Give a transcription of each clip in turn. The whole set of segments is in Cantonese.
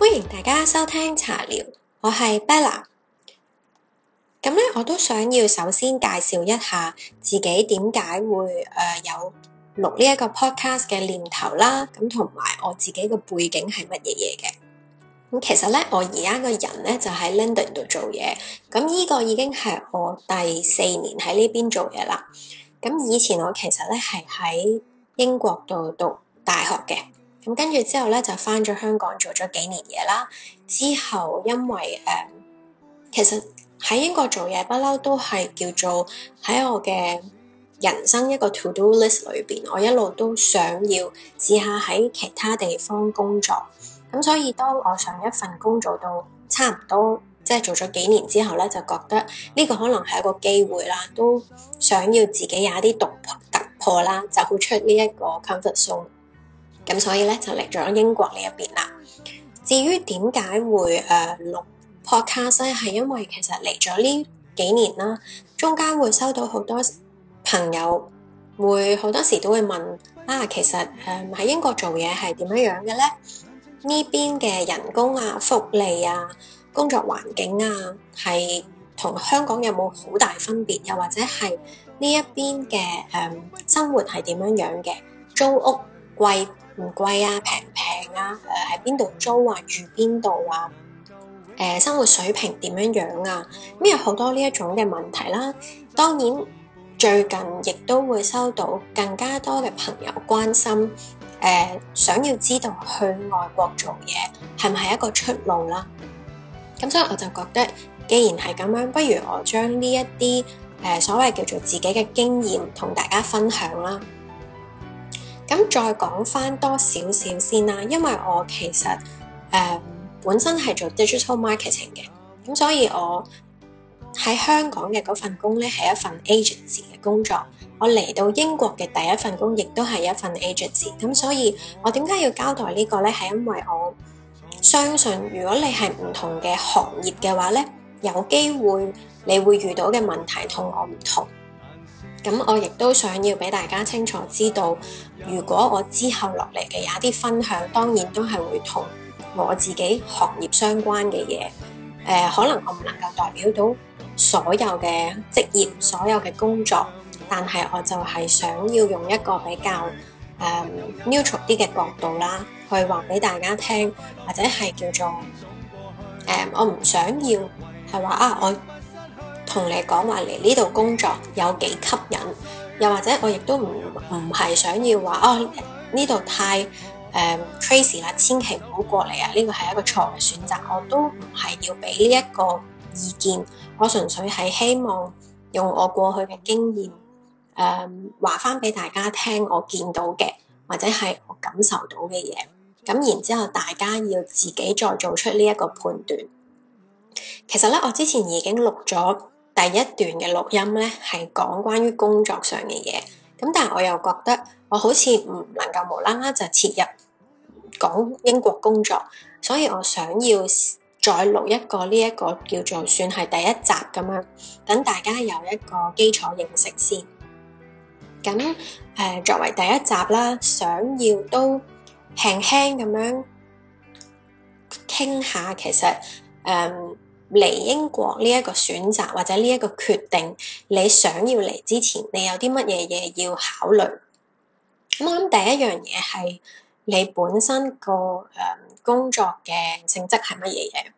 歡迎大家收聽茶聊，我係 Bella。咁咧，我都想要首先介紹一下自己點解會誒、呃、有錄呢一個 podcast 嘅念頭啦。咁同埋我自己嘅背景係乜嘢嘢嘅？咁其實咧，我而家個人咧就喺 London 度做嘢。咁呢個已經係我第四年喺呢邊做嘢啦。咁以前我其實咧係喺英國度讀大學嘅。咁跟住之後咧，就返咗香港做咗幾年嘢啦。之後因為誒、呃，其實喺英國做嘢不嬲都係叫做喺我嘅人生一個 to do list 裏邊，我一路都想要試下喺其他地方工作。咁所以當我上一份工做到差唔多，即係做咗幾年之後咧，就覺得呢個可能係一個機會啦，都想要自己有一啲突破啦，走出呢一個 comfort zone。咁所以咧，就嚟咗英國呢一邊啦。至於點解會誒、呃、錄 Podcast 咧，係因為其實嚟咗呢幾年啦，中間會收到好多朋友會好多時都會問啊，其實誒喺、呃、英國做嘢係點樣樣嘅咧？呢邊嘅人工啊、福利啊、工作環境啊，係同香港有冇好大分別？又或者係呢一邊嘅誒生活係點樣樣嘅？租屋貴貴唔貴啊，平唔平啊？誒、呃，喺邊度租啊，住邊度啊？誒、呃，生活水平點樣樣啊？咩、嗯、有好多呢一種嘅問題啦。當然，最近亦都會收到更加多嘅朋友關心，誒、呃，想要知道去外國做嘢係咪係一個出路啦。咁、嗯、所以我就覺得，既然係咁樣，不如我將呢一啲誒、呃、所謂叫做自己嘅經驗同大家分享啦。咁再講返多少少先啦，因為我其實誒、呃、本身係做 digital marketing 嘅，咁所以我喺香港嘅嗰份工咧係一份 agency 嘅工作，我嚟到英國嘅第一份工亦都係一份 agency，咁所以我點解要交代個呢個咧？係因為我相信如果你係唔同嘅行業嘅話咧，有機會你會遇到嘅問題同我唔同。咁我亦都想要俾大家清楚知道，如果我之後落嚟嘅有一啲分享，當然都係會同我自己行業相關嘅嘢。誒、呃，可能我唔能夠代表到所有嘅職業、所有嘅工作，但係我就係想要用一個比較誒、呃、neutral 啲嘅角度啦，去話俾大家聽，或者係叫做誒、呃，我唔想要係話啊，我。同你講話嚟呢度工作有幾吸引，又或者我亦都唔唔係想要話哦呢度太誒、呃、crazy 啦，千祈唔好過嚟啊！呢個係一個錯嘅選擇，我都唔係要俾呢一個意見，我純粹係希望用我過去嘅經驗誒話返俾大家聽，我見到嘅或者係我感受到嘅嘢，咁然之後大家要自己再做出呢一個判斷。其實咧，我之前已經錄咗。第一段嘅錄音呢，係講關於工作上嘅嘢。咁，但我又覺得我好似唔能夠無啦啦就切入講英國工作，所以我想要再錄一個呢一個叫做算係第一集咁樣，等大家有一個基礎認識先。咁誒，作為第一集啦，想要都輕輕咁樣傾下，其實誒。嚟英國呢一個選擇或者呢一個決定，你想要嚟之前，你有啲乜嘢嘢要考慮？咁我諗第一樣嘢係你本身個誒、呃、工作嘅性質係乜嘢嘢？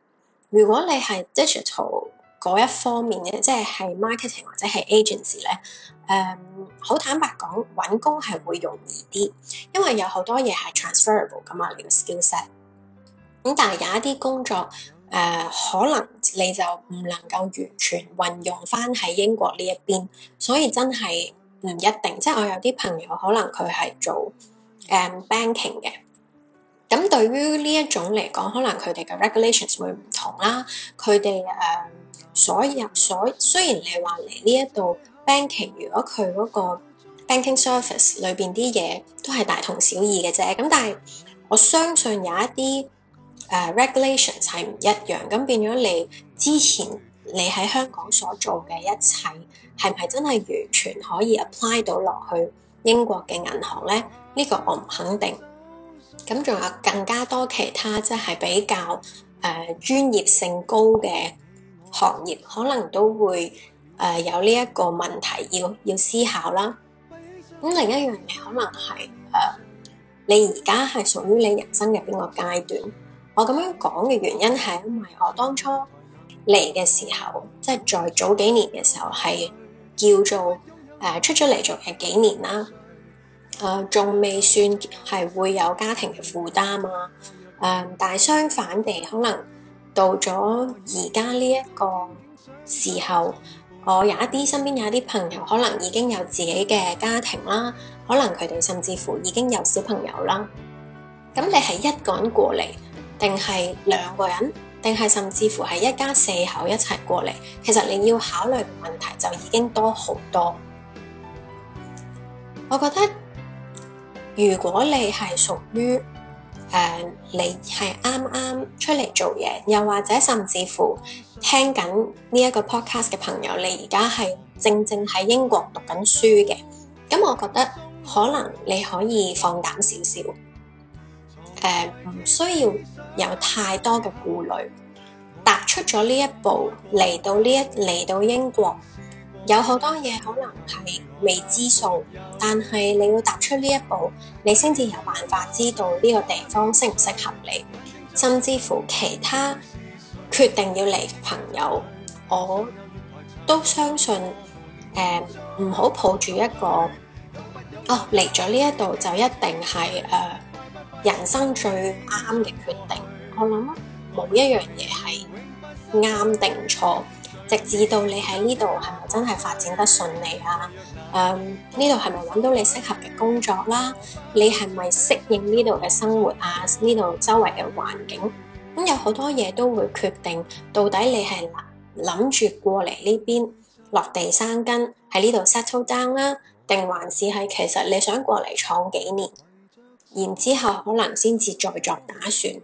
如果你係 digital 嗰一方面嘅，即係係 marketing 或者係 agency 咧、呃，誒好坦白講，揾工係會容易啲，因為有好多嘢係 transferable 噶嘛，你、這個 skillset。咁但係有一啲工作誒、呃、可能。你就唔能夠完全運用翻喺英國呢一邊，所以真係唔一定。即係我有啲朋友可能佢係做誒、um, banking 嘅，咁對於呢一種嚟講，可能佢哋嘅 regulations 會唔同啦。佢哋誒所有所雖然你話嚟呢一度 banking，如果佢嗰個 banking service 裏邊啲嘢都係大同小異嘅啫，咁但係我相信有一啲。誒 regulations 係唔一樣，咁變咗你之前你喺香港所做嘅一切，係唔係真係完全可以 apply 到落去英國嘅銀行咧？呢個我唔肯定。咁仲有更加多其他即係比較誒專業性高嘅行業，可能都會誒有呢一個問題要要思考啦。咁另一樣嘢可能係誒你而家係屬於你人生嘅邊個階段？我咁樣講嘅原因係，因為我當初嚟嘅時候，即係在早幾年嘅時候，係叫做誒，出咗嚟做嘢幾年啦。誒，仲未算係會有家庭嘅負擔啊。誒，但係相反地，可能到咗而家呢一個時候，我有一啲身邊有一啲朋友，可能已經有自己嘅家庭啦，可能佢哋甚至乎已經有小朋友啦。咁你係一個人過嚟，定係兩個人，定係甚至乎係一家四口一齊過嚟，其實你要考慮嘅問題就已經多好多。我覺得如果你係屬於誒、呃，你係啱啱出嚟做嘢，又或者甚至乎聽緊呢一個 podcast 嘅朋友，你而家係正正喺英國讀緊書嘅，咁我覺得可能你可以放膽少少，誒、呃，唔需要。有太多嘅顧慮，踏出咗呢一步，嚟到呢一嚟到英國，有好多嘢可能係未知數，但係你要踏出呢一步，你先至有辦法知道呢個地方適唔適合你，甚至乎其他決定要嚟嘅朋友，我都相信誒，呃，唔好抱住一個哦嚟咗呢一度就一定係誒。呃人生最啱嘅決定，我諗冇一樣嘢係啱定錯，直至到你喺呢度係咪真係發展得順利啊？誒、嗯，呢度係咪揾到你適合嘅工作啦、啊？你係咪適應呢度嘅生活啊？呢度周圍嘅環境咁有好多嘢都會決定，到底你係諗住過嚟呢邊落地生根喺呢度 settle down 啦、啊，定還是係其實你想過嚟闖幾年？然之後，可能先至再作打算。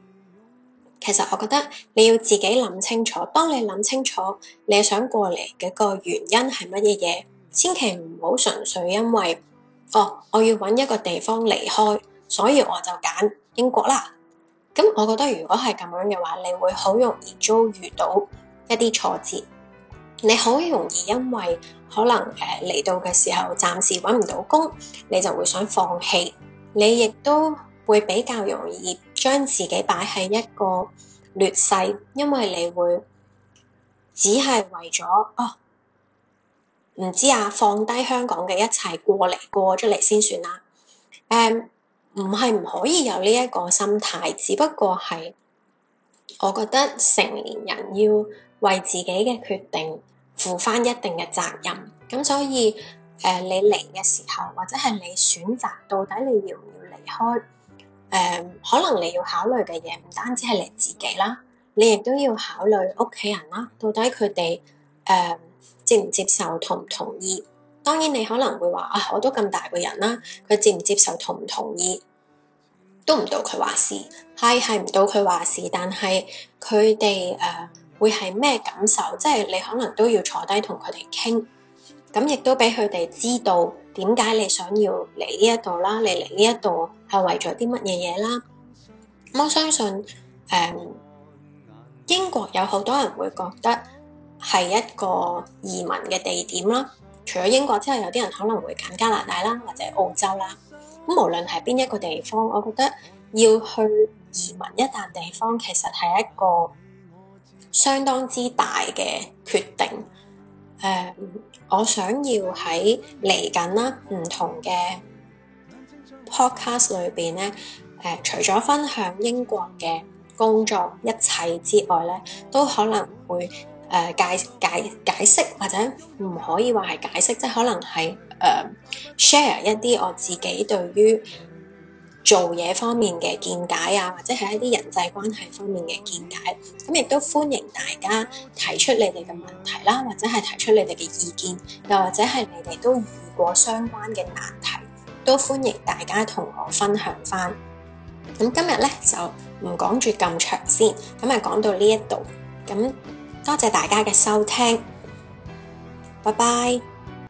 其實我覺得你要自己諗清楚，當你諗清楚，你想過嚟嘅個原因係乜嘢嘢，千祈唔好純粹因為哦，我要揾一個地方離開，所以我就揀英國啦。咁我覺得如果係咁樣嘅話，你會好容易遭遇到一啲挫折，你好容易因為可能誒、呃、嚟到嘅時候暫時揾唔到工，你就會想放棄。你亦都會比較容易將自己擺喺一個劣勢，因為你會只係為咗哦，唔知啊，放低香港嘅一切過嚟過出嚟先算啦。誒，唔係唔可以有呢一個心態，只不過係我覺得成年人要為自己嘅決定負返一定嘅責任，咁所以。誒、呃，你嚟嘅時候，或者係你選擇到底你要唔要離開？誒、呃，可能你要考慮嘅嘢唔單止係你自己啦，你亦都要考慮屋企人啦。到底佢哋誒接唔接受，同唔同意？當然，你可能會話啊，我都咁大個人啦，佢接唔接受，同唔同意，都唔到佢話事，係係唔到佢話事。但係佢哋誒會係咩感受？即係你可能都要坐低同佢哋傾。咁亦都俾佢哋知道點解你想要嚟呢一度啦，你嚟呢一度係為咗啲乜嘢嘢啦？我相信，誒、嗯，英國有好多人會覺得係一個移民嘅地點啦。除咗英國之外，有啲人可能會揀加拿大啦，或者澳洲啦。咁無論係邊一個地方，我覺得要去移民一笪地方，其實係一個相當之大嘅決定。誒，uh, 我想要喺嚟緊啦，唔同嘅 podcast 裏邊咧，誒，除咗分享英國嘅工作一切之外咧，都可能會誒、呃、解釋解解釋，或者唔可以話係解釋，即、就、係、是、可能係誒 share 一啲我自己對於做嘢方面嘅見解啊，或者係一啲人際關係方面嘅見解，咁亦都歡迎大家提出你哋嘅問題啦，或者係提出你哋嘅意見，又或者係你哋都遇過相關嘅難題，都歡迎大家同我分享返。咁今日咧就唔講住咁長先，咁啊講到呢一度，咁多謝大家嘅收聽，拜拜。